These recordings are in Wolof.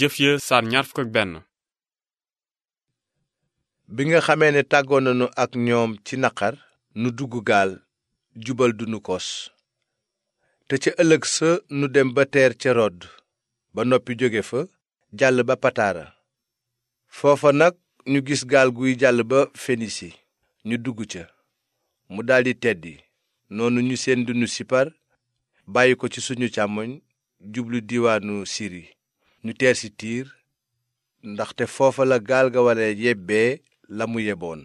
jëf ya benn bi nga xamee ne tàggoon nañu ak ñoom ci naqar nu dugg gaal jubal dunu kos te ca ëllëg sa nu dem ba teer ca rodd ba noppi jóge fa jàll ba pataara foofa nag ñu gis gaal guy jàll ba fenisi ñu dugg ca mu daldi teddi noonu ñu seen dunu sipar bàyyi ko ci suñu càmmoñ jublu diiwaanu siri ñu teer si tiir ndaxte foofa la gaal ga ware yebbee la mu yeboon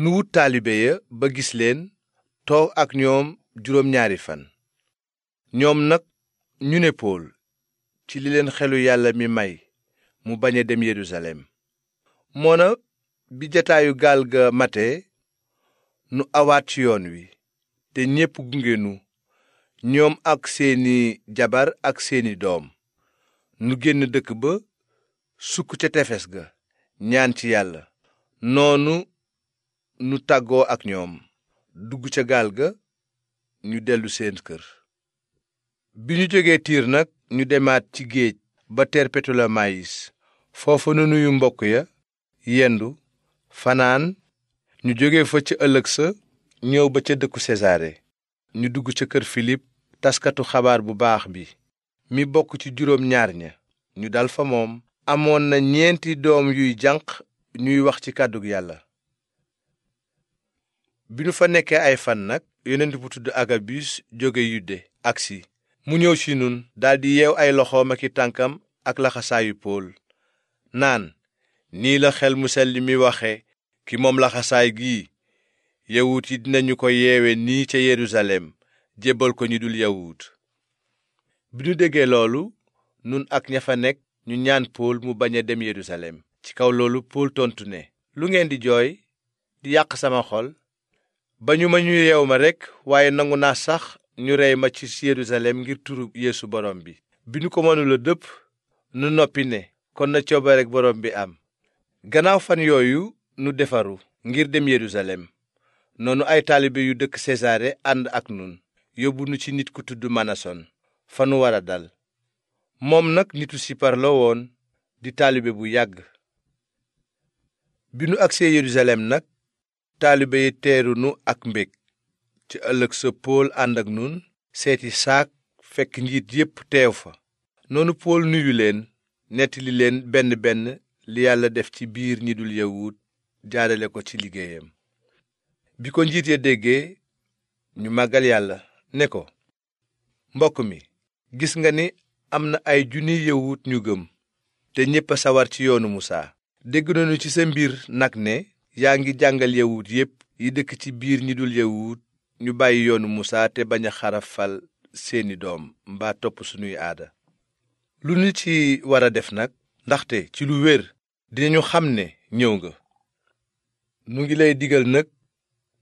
nu wut taalibe ya ba gis leen toog ak ñoom juróom ñaari fan ñoom nag ñu ne pool ci li leen xelu yàlla mi may mu bañ a dem yerusalem moona bi jataayu gaal ga mate nu awaat ci yoon wi te ñépp gungenu ñoom ak seeni jabar ak seeni doom nu génn dëkk ba sukk ca tefes ga ñaan ci yàlla noonu nu tàggoo ak ñoom dugg ca gaal ga ñu dellu seen kër bi ñu jógee tiir nag ñu demaat ci géej ba terpetulamayis foofa nu nuyu mbokk ya yendu fanaan ñu jóge fa ca ëllëg sa ñëw ba ca dëkku sesaare ñu dugg ca kër filip taskatu xabaar bu baax bi mi bokk ci juróom ñaar ña ñu dal fa moom amoon na ñeenti doom yuy jànq ñuy wax ci kàddu yàlla bi ñu fa nekkee ay fan nag yonent bu tudd agabus jóge yudde agsi mu ñëw ci nun daldi yeew ay loxoom ak i tànkam ak laxasaayu pool naan nii la xel mu sell mi waxe ki moom laxasaay gii yawut yi dinañu ko yeewe nii ca yerusalem jébbal ko ñu dul yawut bi ñu déggee loolu nun ak ña fa nekk ñu ñaan pool mu bañ a dem yerusalem ci kaw loolu pool tontu ne lu ngeen di jooy di yàq sama xol ba ñu ma ñu yeew ma rekk waaye nangu naa sax ñu rey ma ci yerusalem ngir turu yeesu borom bi bi ñu ko mënula dëpp nu noppi ne kon na coobareek borom bi am gannaaw fan yooyu nu defaru ngir dem yerusalem noonu ay taalibe yu dëkk sesaare ànd ak nun yóbbu nu ci nit ku tudd manason fanu war a dal moom nag nitu sipar la woon di taalibe bu yàgg bi nu agsee yerusalem nag taalibe yi teeru nu ak mbég ci ëllëg sa pool ànd ak nun seeti saak fekk njiit yépp teew fa noonu pool nuyu leen nettali leen benn benn li yàlla def ci biir ñi dul yawut jaarale ko ci liggéeyam bi ko njiit ya déggee ñu màggal yàlla ne ko mbokk mi gis nga ni am na ay junniy yawut ñu gëm te ñépp a sawar ci yoonu musaa dégg nañu ci sa mbir nag ne yaa ngi jàngal yawut yépp yi dëkk ci biir ñi dul yawut ñu bàyyi yoonu musaa te bañ a xarafal seeni doom mbaa topp sunuy aada lu ñu ci war a def nag ndaxte ci lu wér dinañu xam ne ñëw nga mu ngi lay digal nag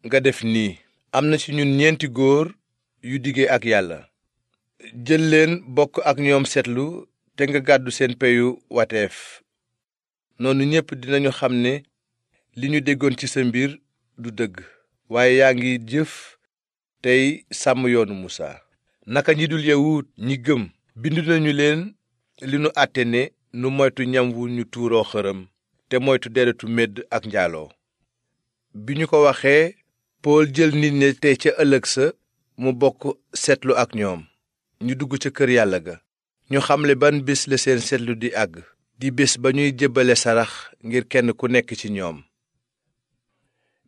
nga def nii am na ci ñun ñeenti góor yu dige ak yàlla jël leen bokk ak ñoom seetlu te nga gàddu seen peyu wateef noonu ñépp dinañu xam ne li ñu déggoon ci sa mbir du dëgg waaye yaa ngi jëf tey sàmm yoonu Musaa naka ñi dul yawut ñi gëm bind nañu leen li nu àtte ne nu moytu ñam wu ñu tuuroo xërëm te moytu deretu médd ak njaaloo bi ñu ko waxee Pool jël nit ñi te ca ëllëg sa mu bokk seetlu ak ñoom ñu dugg ca kër yàlla ga ñu xamle ban bés la seen seetlu di àgg di bés ba ñuy jébbale sarax ngir kenn ku nekk ci ñoom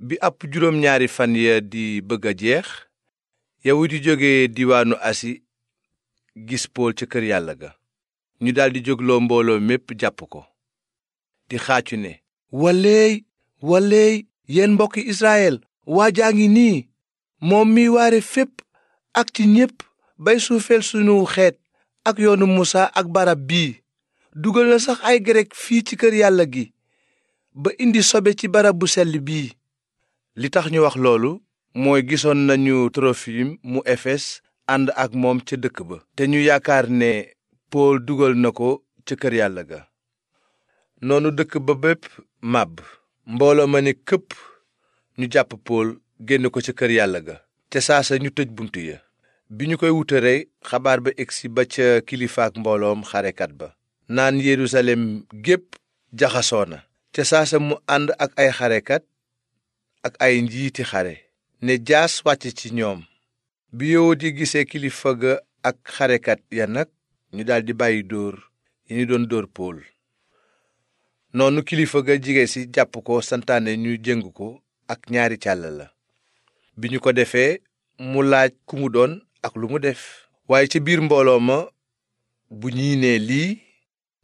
bi ab juróom ñaari fan ya di bëgg a jeex yawut yi jóge diwaanu asi gis pool ca kër yàlla ga ñu daldi jógloo mbooloo mépp jàpp ko di xaacu ne walleey walleey yéen mbokki israyel waa jaa ngi nii moom mi waare fépp ak ci ñépp bay suufeel suñu xeet ak yoonu musa ak barab bii dugal na sax ay grek fii ci kër yàlla gi ba indi sobe ci barab bu sell bii li tax ñu wax loolu mooy gisoon nañu trofim mu efes ànd ak moom ca dëkk ba te ñu yaakaar ne pool dugal na ko ca kër yàlla ga noonu dëkk ba bépp màbb mbooloo ma ne këpp ñu jàpp pool génn ko ca kër yàlla ga te saasa ñu tëj bunt ya bi ñu koy wutare xabaar ba egsi ba ca kilifaak mbooloom xarekat ba naan yerusalem gépp jaxasoo na ca saasa mu ànd ak ay xarekat ak ay njiiti xare ne jaas wàcc ci ñoom bi yowut yi gisee kilifa ga ak xarekat ya nag ñu daldi bàyyi dóor yi ñu doon dóor pool noonu kilifa ga jige si jàpp ko santaane ñu jëng ko ak ñaari càll la bi ñu ko defee mu laaj ku mu doon ak lu mu def waaye ci biir mbooloo ma bu ñii ne lii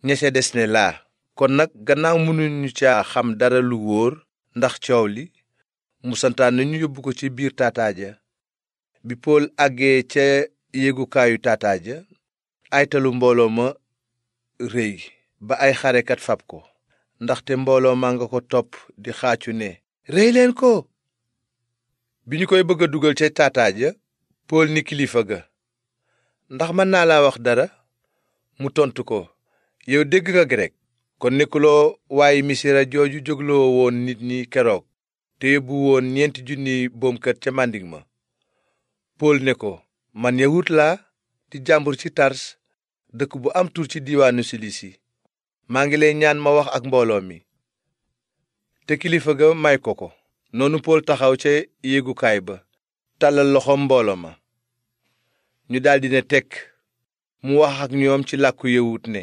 ñese des ne laa kon nag gannaaw mënuñu ca xam dara lu wóor ndax coow li musantaan santaan nañu yóbbu ko ci biir taataaja bi pool àggee ca yéegukaayu taataaja aytalu mbooloo ma réy ba ay xarekat fab ko ndaxte mbooloo maa nga ko topp di xaacu ne rey leen ko bi ñu koy bëgg dugal ca taataaja pool ni kilifa ga ndax mën naa laa wax dara mu tontu ko yow dégg nga grek kon nekkuloo waaye misira jooju jógloo woon nit ñi keroog te yóbbu woon ñeenti junni boomkat ca màndig ma pool ne ko man yawut laa di jàmbur ci tars dëkk bu am tur ci diiwaanu silisi maa ngi lay ñaan ma wax ak mbooloo mi te kilifa ga may ko ko noonu pool taxaw ca yéegukaay ba tàllal loxoom mbooloo ma ñu daldi ne tekk mu wax ak ñoom ci làkku yawut ne